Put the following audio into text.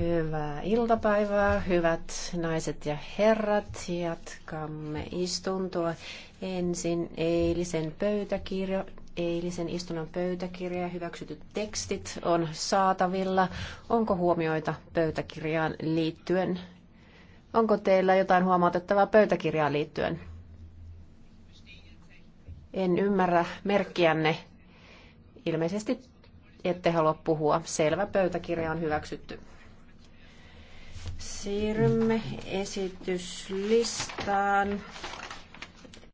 Hyvää iltapäivää, hyvät naiset ja herrat. Jatkamme istuntoa. Ensin eilisen pöytäkirja, eilisen istunnon pöytäkirja ja hyväksytyt tekstit on saatavilla. Onko huomioita pöytäkirjaan liittyen? Onko teillä jotain huomautettavaa pöytäkirjaan liittyen? En ymmärrä merkkiänne. Ilmeisesti ette halua puhua. Selvä pöytäkirja on hyväksytty. Siirrymme esityslistaan.